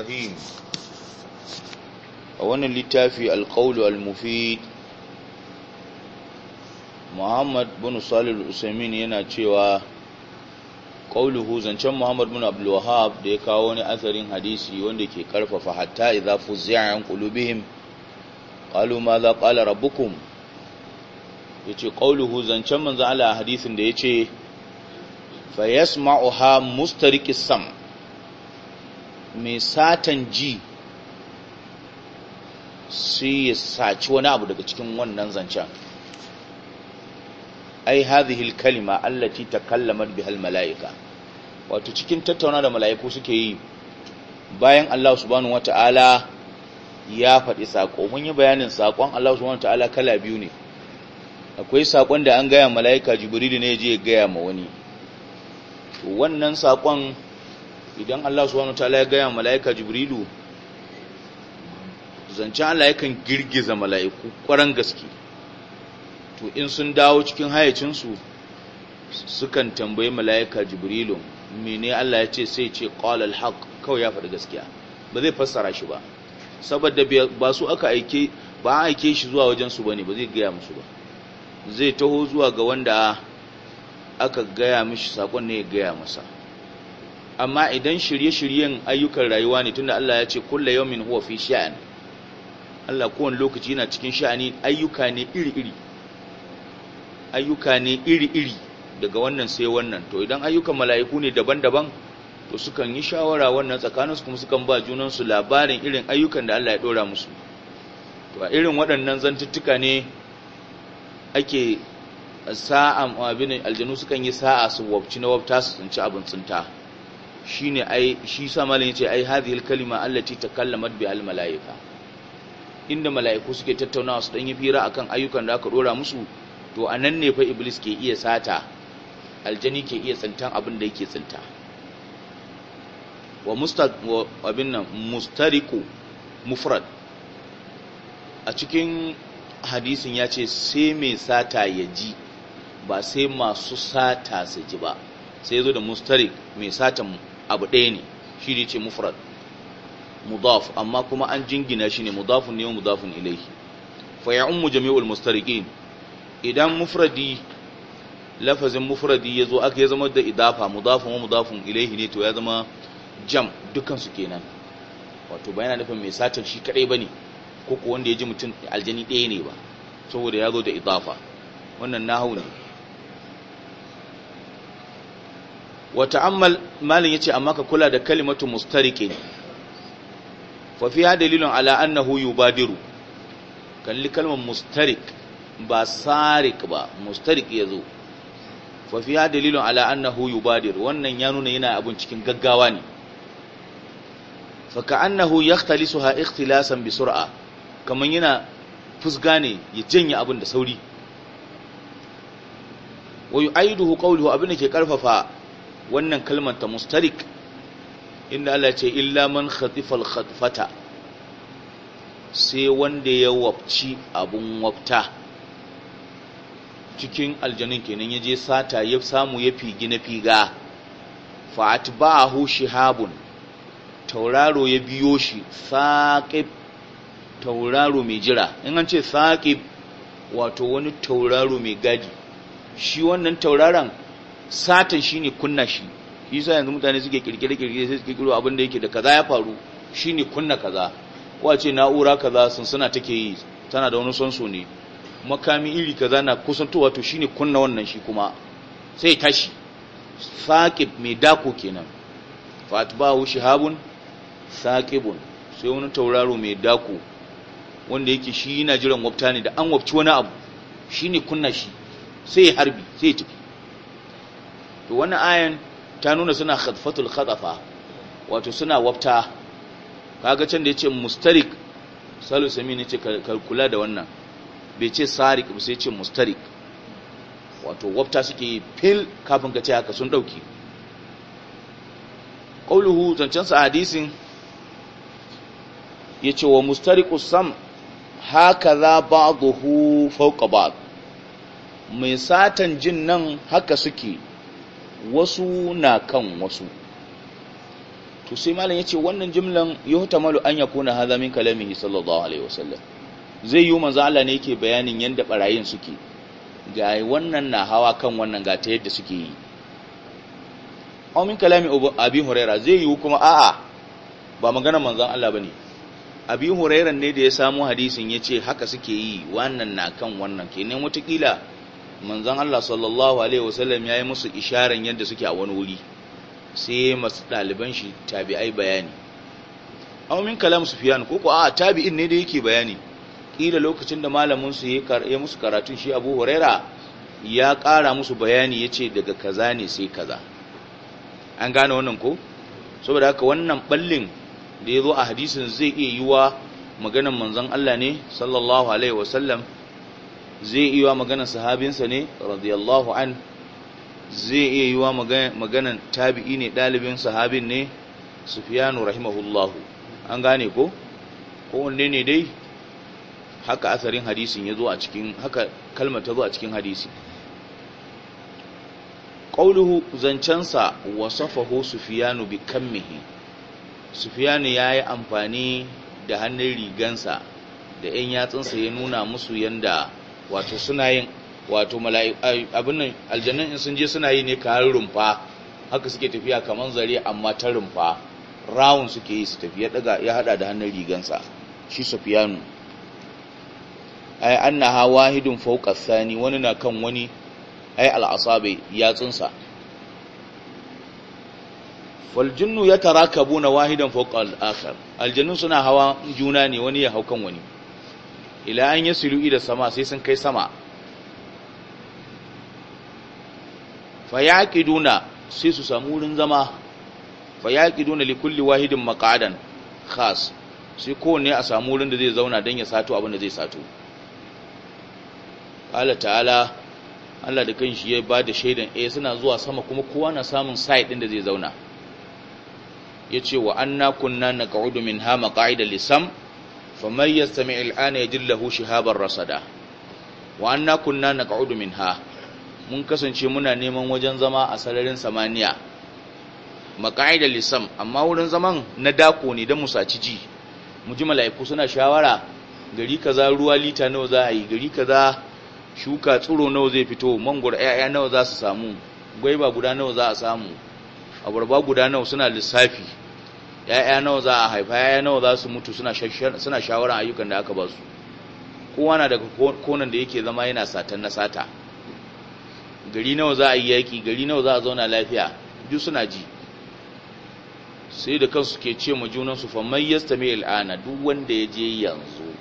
a wannan littafi alƙaulu al-mufid muhammad bin salil usaimin yana cewa ƙauluhu zancen muhammad bin abdullahab da ya kawo wani asarin hadisi wanda ke ƙarfafa, hatta idza fuzzi'a an qulubihim qalu ma za qala rabbukum yace ƙauluhu zancen manzo Allah hadisin da ya ce. fa yasma'uha musta sam' mai satan ji su ya saci wani abu daga cikin wannan zancen ai hadhihi kalima allati takallamat bihal malaika wato cikin tattauna da malaiku suke yi bayan Allah subhanahu wataala ya faɗi saƙo. mun yi bayanin saƙon Allah subhanahu wataala kala biyu ne akwai saƙon da an gaya malaika jibril ne je ya gaya ma wani wannan saƙon. idan Allah subhanahu wataala ya gaya mala'ika jibrilu zance Allah yakan girgiza mala'iku kwaran gaske to in sun dawo cikin hayacinsu sukan tambayi mala'ika jibrilu mene Allah ya ce sai ce qala al-haq kawai ya faɗi gaskiya ba zai fassara shi ba saboda ba su aka aike ba a aike shi zuwa wajensu su bane ba zai gaya musu ba zai taho zuwa ga wanda aka gaya mishi sakon ne ya gaya masa amma idan shirye-shiryen ayyukan rayuwa ne tunda Allah ya ce kullu yawmin huwa fi sha'an Allah kowane lokaci yana cikin sha'ani ayyuka ne iri-iri ayyuka ne iri-iri daga wannan sai wannan to idan ayyukan mala'iku ne daban-daban to sukan yi shawara wannan tsakanin su kuma sukan ba junansu labarin irin ayyukan da Allah ya dora musu to a irin waɗannan zantuttuka ne ake sa'a abin aljanu sukan yi sa'a su wabci na wabta su tsinci abin tsinta shine ai shi samalin yace ai hadhihi alkalima allati takallamat bi almalaiika inda malaiku suke tattaunawa su dan yi fira akan ayyukan da aka dora musu to anan ne fa iblis ke iya sata aljani ke iya tsantan abin da yake tsinta wa mustad wa abin mustariku mufrad a cikin hadisin yace ce sai mai sata ya ji ba sai masu sata su ji ba sai zo da mustarik mai satan abu ɗaya ne shi ne ce mufrad mudaf amma kuma an jingina shi ne mudafun ne wa mudafun ilaihi fa ya ummu jami'ul mustariqin idan mufradi lafazin mufradi yazo aka ya zama da idafa mudafun wa mudafun ilaihi ne to ya zama jam dukan su kenan wato ba yana nufin mai satar shi kadai bane ko ko wanda ya ji mutum aljani ɗaya ne ba saboda ya zo da idafa wannan nahawu ne wa ta'ammal malin yace amma ka kula da kalimatu mustariqin fa fiha dalilun ala annahu yubadiru kalli kalmar mustariq ba sarik ba mustariq yazo fa fiha dalilun ala annahu yubadir wannan ya nuna yana abun cikin gaggawa ne fa ka'annahu yakhtalisuha ikhtilasan bi sur'a kaman yana fusga ne ya janye abun da sauri wa yu'aiduhu qawluhu abin da ke karfafa wannan kalmar ta mustarik inda Allah ce illa man khatifal khatfata sai wanda ya wabci abun wabta cikin aljanin kenan ya je sata ya samu ya figi na figa fa atba'ahu shihabun tauraro ya biyo shi saqib tauraro mai jira in an ce saqib wato wani tauraro mai gadi shi wannan tauraron satan shi ne kunna shi sa yanzu mutane suke kirkire kirkire sai suke kiro abin da yake da kaza ya faru shine kunna kaza ce na'ura kaza suna take yi tana da wani sonso ne makami iri kaza na kusantowa to shine kunna wannan shi kuma sai tashi saqib mai dako kenan fatbahu shihabun saqibun sai wani tauraro mai dako wanda yake shi yana jiran wafta ne da an wafci wani abu shine kunna shi sai harbi sai tafi to wannan ayan ta nuna suna khadfatul khadafa wato suna wafta kaga can da yace mustarik salu sami ne ce ka kula da wannan bai ce sarik ba sai ce mustarik wato wafta suke fil kafin ka ce haka sun dauki qauluhu zancan sa hadisin yace wa mustariku sam Haka za ba'dahu fawqa ba'd mai satan jin nan haka suke wasu na kan wasu to sai malam yace wannan jumlan yuhtamalu an yakuna hadha min kalamihi sallallahu alaihi wasallam zai yi manzo Allah ne yake bayanin yanda barayin suke ga wannan na hawa kan wannan ga ta yadda suke yi aw min kalami abi hurairah zai yi kuma a'a ba magana manzon Allah bane abi hurairah ne da ya samu hadisin yace haka suke yi wannan na kan wannan kenan watakila Manzan Allah sallallahu alaihi wasallam yi musu isharen yadda suke a wani wuri sai masu ɗaliban shi tabi'ai bayani aw min kalam sufyan ko koko a tabi'in ne da yake bayani kila lokacin da malamin su ya musu karatun shi Abu Huraira ya ƙara musu bayani ya ce daga kaza ne sai kaza an gane wannan ko saboda haka wannan ɓallin da ya zo a hadisin zai iya yiwa maganan Manzan Allah ne sallallahu alaihi wasallam zai iya maganan sahabinsa ne radiyallahu an zai iya yi wa maganan tabi'i ne ɗalibin sahabin ne sufiyanu rahimahullahu an gane ko kowanne ne dai haka asarin hadisin ya zo a cikin haka kalmar ta zo a cikin hadisi ƙauluhu zancensa wasafahu sufiyanu bi kammihi sufiyanu ya yi amfani da hannun rigansa da 'yan yatsunsa ya nuna musu yanda wato suna yin wato abin nan aljannan in sun je suna yi ne kamar rumfa haka suke tafiya kamar zare amma ta rumfa rawun suke yi su tafi ya daga ya hada da hannun rigansa shi sufyanu ay annaha wahidun fawqa thani wani na kan wani Ai al-asabi yatsunsa wal jinnu yatarakabuna wahidan fawqa al-akhar aljannu suna hawa juna ne wani ya hau kan wani ila an yasilu da sama sai sun kai sama fayaqiduna sai su samu wurin zama fayaqiduna likulli wahidin maqadan khas sai kowanne a samu wurin da zai zauna don ya sato abin da zai sato Allah ta'ala Allah da kanshi ya ba da shaidan eh suna zuwa sama kuma kowa na samun site din da zai zauna yace wa anna kunna naq'udu minha maq'ida lisam فمن يستمع الآن يجد له شهابا رصدا وأنا كنا نقعد منها mun kasance muna neman wajen zama a sararin samaniya maka'ida lisam amma wurin zaman na dako ne da musaci ji mu ji mala'iku suna shawara gari kaza ruwa lita nawa za a yi gari kaza shuka tsiro nawa zai fito mangwar 'ya'ya nawa za su samu gwaiba guda nawa za a samu abarba guda nawa suna lissafi ya'ya nawa za a haifa ya'ya nawa za su mutu suna shawarar ayyukan da aka ba su kowa na daga konan da yake zama yana satan na sata gari nawa za a yi yaƙi gari nawa za a zauna lafiya ju suna ji sai da kansu ke ce ma junansu famai ya mai il'ana duk wanda ya je yanzu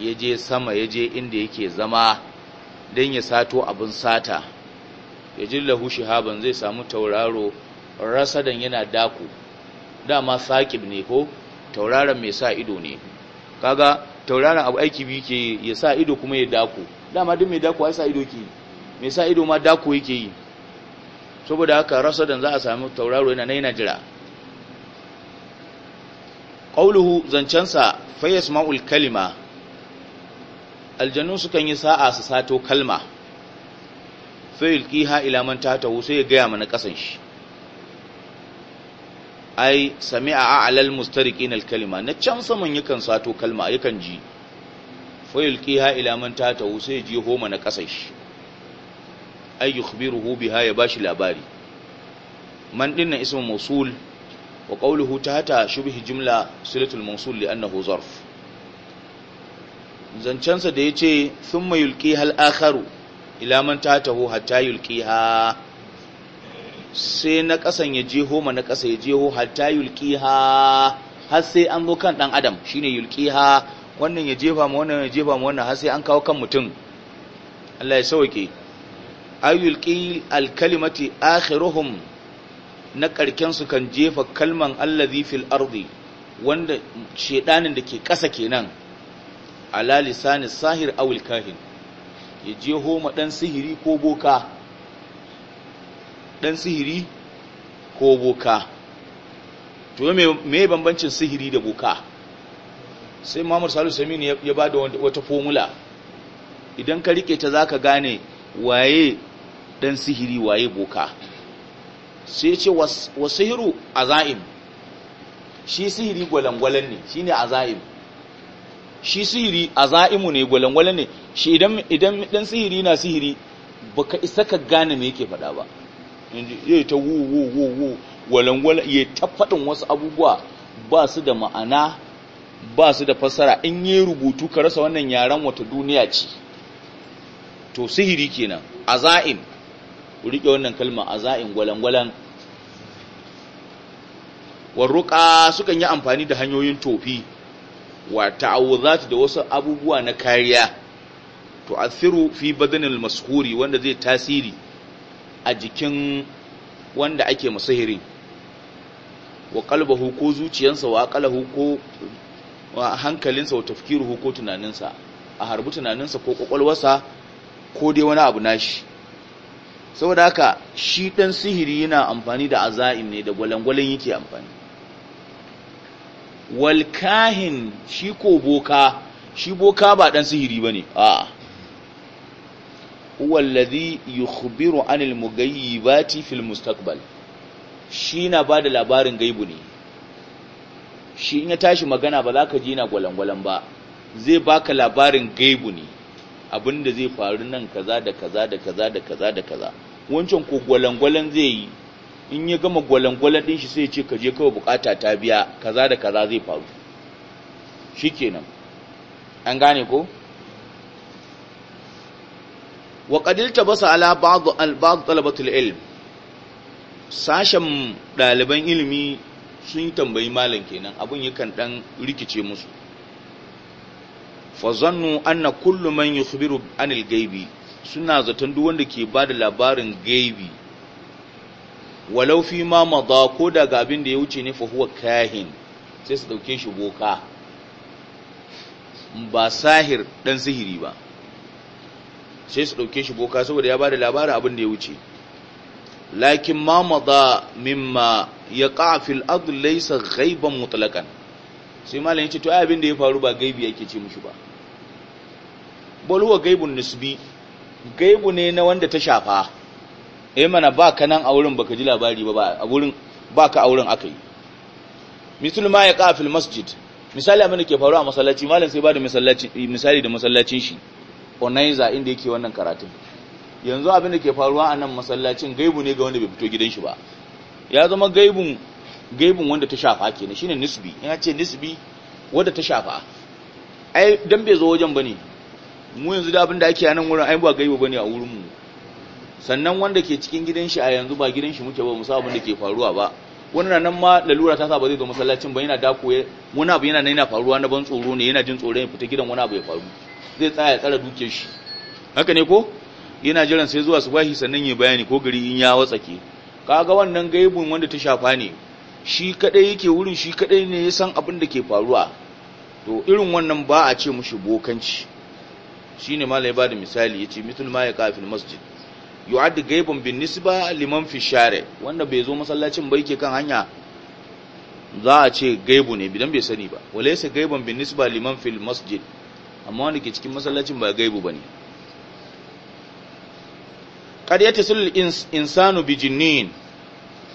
ya je sama ya je inda yake zama don ya sato abin sata ya ji lahu shihaban zai samu tauraro rasadan yana daku dama saqib ne ko tauraron mai sa ido ne kaga tauraron abu aiki biyu ke ya sa ido kuma ya dako dama duk mai dako ai sa ido ke mai sa ido ma dako yake yi saboda haka rasadan za a sami tauraro yana nan jira qauluhu sa fa yasma'ul kalima aljannu sukan yi sa'a su sato kalma fa yulqiha ila man tahtahu sai ya gaya mana kasan shi ai sami'a a'lal mustariqin alkalima kalima na can saman yakan sato kalma yakan ji fa yulqiha ila man tatahu sai ji homa na kasashi ay yukhbiruhu biha ya bashi labari man dinna ismu mawsul wa qawluhu tata shubhi jumla silatul mawsul annahu zarf sa da yace thumma yulqiha al-akharu ila man tatahu hatta yulqiha sai na ƙasan ya jeho ma na ƙasa ya jeho hatta ha har sai an zo kan ɗan adam shine ha wannan ya jefa ma wannan ya jefa ma wannan har sai an kawo kan mutum Allah ya sauke ayulqi alkalimati akhiruhum na karken su kan jefa kalman allazi fil ardi wanda shedanin da ke ƙasa kenan ala lisanis sahir awil kahin ya jeho ma dan sihiri ko boka ɗan sihiri ko boka to me bambancin sihiri da boka sai muhammadu salisu samini ya ba da wata fomula idan ka rike ta za ka gane waye ɗan sihiri waye boka sai ce wasihiru azaim shi sihiri gwalangwalan ne shi ne azaim shi sihiri azaimu ne gwalangwalan ne shi idan ɗan sihiri na sihiri baka isa ka gane me yake faɗa ba ta wuwuwuwu walangwala ya ta wasu abubuwa ba su da ma'ana ba su da fassara in yi rubutu ka rasa wannan yaren wata duniya ce to sihiri kenan za'in, rike wannan kalma aza'im gwalangwalan warruka sukan yi amfani da hanyoyin tofi wa ta'awuzat da wasu abubuwa na kariya to asiru fi badanil maskuri wanda zai tasiri a jikin wanda ake musihiri wa qalbahu ko zuciyansa wa ko hankalinsa wa tafkiruhu ko tunaninsa a harbi tunaninsa ko kwakwalwarsa ko dai wani abu nashi saboda haka shi ɗan sihiri yana amfani da aza'im ne da gwalangwalen yake amfani walkahin shi ko boka shi boka ba ɗan sihiri ba ne a huwa alladhi yukhbiru anil mughayyibati fil mustaqbal shi na bada labarin gaibu ne shi in ya tashi magana ba za ka ji na gwalangwalan ba zai baka labarin gaibu ne abinda zai faru nan kaza da kaza da kaza da kaza da kaza wancan ko gwalangwalan zai yi in ya gama gwalangwalan din shi sai ya ce ka je kawai bukata ta biya kaza da kaza zai faru shikenan an gane ko wa qadilta basu ala ba'd al ba'd talabatul ilm sashen ɗaliban ilimi sun tambayi malam kenan abin yakan dan rikice musu fa zannu anna kullu man yukhbiru anil gaibi suna zaton duk wanda ke da labarin gaibi walau fi ma mada ko daga abin da ya wuce ne fa huwa kahin sai su ɗauke shi boka ba sahir ɗan sihiri ba sai su ɗauke shi boka saboda ya ba da labarin abin da ya wuce lakin ma maza mimma ya ƙafil adu laisa gaiban mutlakan sai malam ya ce to abin da ya faru ba gaibi yake ce mushi ba baluwa gaibun nisbi gaibu ne na wanda ta shafa yi eh mana ba ka nan a wurin baka ji labari ba a wurin ba ka a wurin aka yi musulma ya ƙafil masjid misali abin da ke faru a masallaci malam sai ba da misali da masallacin shi onaiza inda yake wannan karatun yanzu abin da ke faruwa a nan masallacin gaibu ne ga wanda bai fito gidan shi ba ya zama gaibun gaibun wanda ta shafa kenan shine nisbi ya ce nisbi wanda ta shafa ai dan bai zo wajen bane mu yanzu da abin da ake a nan wurin ai ba gaibu bane a wurin mu sannan wanda ke cikin gidan shi a yanzu ba gidan shi muke ba mu abin da ke faruwa ba wannan nan ma lalura ta sa ba zai zo masallacin ba yana dako muna abu yana nan yana faruwa na ban tsoro ne yana jin tsoron ya fita gidan wani abu ya faru zai tsaya tsara duke shi haka ne ko yana jiran sai zuwa su bashi sannan ya bayani ko gari in ya watsake kaga wannan gaibun wanda ta shafa ne shi kadai yake wurin shi kadai ne ya san abin da ke faruwa to irin wannan ba a ce mushi bokanci shine malai ba da misali yace mithul ma yaqa fil masjid yu'addu gaiban bin nisba liman fi share wanda bai zo masallacin ba yake kan hanya za a ce gaibu ne bidan bai sani ba walaysa gaiban bin nisba liman fil masjid amma wanda ke cikin masallacin ba gaibu bane kad yatasul insanu bi jinnin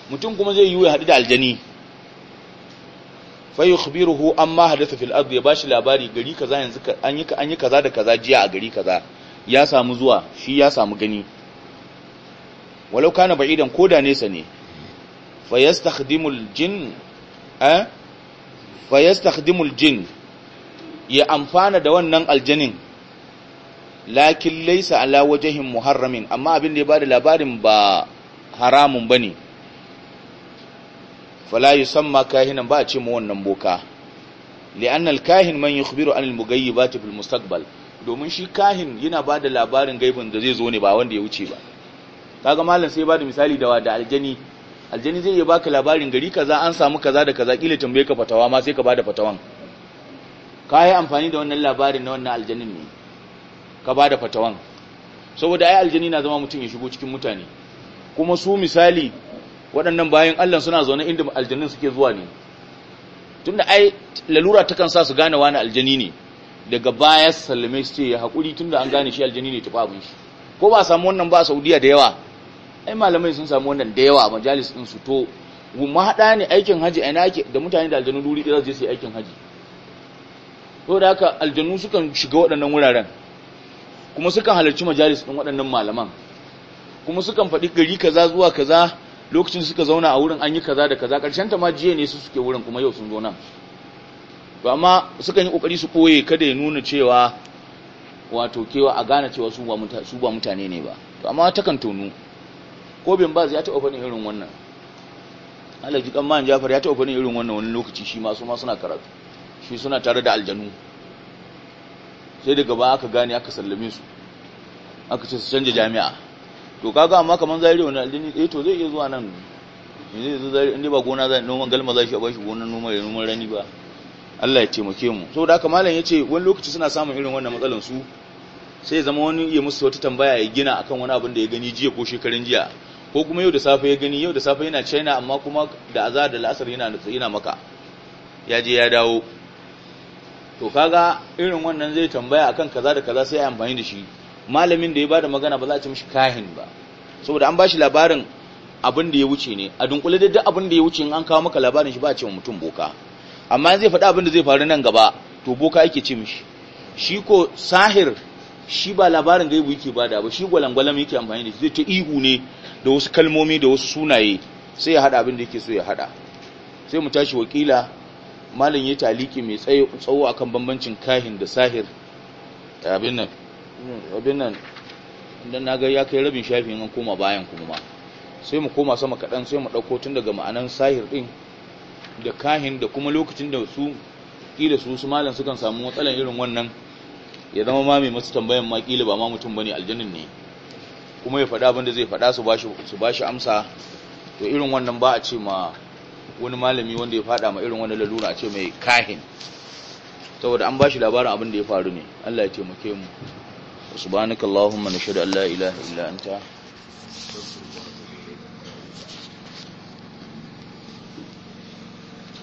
mutum kuma zai yi ya hadu da aljani fa yukhbiruhu amma hadatha fil ard ya bashi labari gari kaza yanzu an yi an yi kaza da kaza jiya a gari kaza ya samu zuwa shi ya samu gani walau kana ba'idan koda nesa ne fa jin a eh? fa jin ya amfana da wannan aljanin lakin laisa ala wajahin muharramin amma abin da ya bada labarin ba haramun bane fala yusamma kahinan ba a ce mu wannan boka li'anna al-kahin man yukhbiru an al-mughayyibati fil mustaqbal domin shi kahin yana bada labarin gaibin da zai zo ne ba wanda ya wuce ba kaga malam sai bada misali da da aljani aljani zai iya baka labarin gari kaza an samu kaza da kaza kila tambaye ka fatawa ma sai ka bada fatawan ka yi amfani da wannan labarin na wannan aljanin ne ka ba da fatawan saboda ai aljani na zama mutum ya shigo cikin mutane kuma su misali waɗannan bayan Allah suna zaune inda aljanin suke zuwa ne tunda ai lalura takan sa su gane wani aljani ne daga baya sallame su ce ya haƙuri tunda an gane shi aljani ne tafi abin shi ko ba a samu wannan ba a saudiya da yawa ai malamai sun samu wannan da yawa a majalis ɗin su to mahaɗa ne aikin haji a ina ake da mutane da aljanu duri ɗaya je su yi aikin haji to da haka aljannu sukan shiga waɗannan wuraren kuma sukan halarci majalis ɗin waɗannan malaman kuma sukan faɗi gari kaza zuwa kaza lokacin suka zauna a wurin an yi kaza da kaza ƙarshen ta ma jiya ne su suke wurin kuma yau sun zo nan to amma sukan yi ƙoƙari su koye kada ya nuna cewa wato kewa a gane cewa su ba mutane ne ba to amma ta kan tonu ko bin baz ya taɓa faɗin irin wannan alhaji kan man jafar ya taɓa faɗin irin wannan wani lokaci shi ma su ma suna karatu shi suna tare da aljanu sai daga ba aka gane aka sallame su aka ce su canja jami'a to kaga amma kaman zariya wani aljini eh to zai iya zuwa nan zai inda ba gona zai noman galma za shi a bashi gona noma da noman rani ba Allah ya taimake mu saboda haka malam ce wani lokaci suna samun irin wannan matsalan su sai zama wani ya musu wata tambaya ya gina akan wani abin da ya gani jiya ko shekarun jiya ko kuma yau da safe ya gani yau da safe yana China amma kuma da azar da la'asar yana yana maka ya je ya dawo to kaga irin wannan zai tambaya akan kaza da kaza sai ya amfani da shi malamin da ya bada magana ba za a ci mishi kahin ba saboda an bashi labarin abin da ya wuce ne a dunkule da duk abin da ya wuce in an kawo maka labarin shi ba a ce mutum boka amma zai faɗa abin da zai faru nan gaba to boka yake ci mishi shi ko sahir shi ba labarin gaibu yake bada ba shi gwalangwalam yake amfani da shi zai ta ihu ne da wasu kalmomi da wasu sunaye sai ya hada abin da yake so ya haɗa sai mu tashi wakila malam yayi taliki mai tsaye tsawo akan bambancin kahin da sahir abin nan abin nan dan ya kai rabin shafin an koma bayan kuma ma sai mu koma sama kaɗan sai mu ɗauko tun daga ma'anan sahir din da kahin da kuma lokacin da su ƙila su su malam sukan samu matsalan irin wannan ya zama ma mai masu tambayan ma kila ba ma mutum bane aljanin ne kuma ya faɗa abin da zai faɗa su ba shi amsa to irin wannan ba a ce ma wani malami wanda ya fada ma irin wani lalura a ce mai kahin saboda an ba shi labarin abin da ya faru ne Allah ya taimake mu subhanakallahumma nashhadu an la ilaha illa anta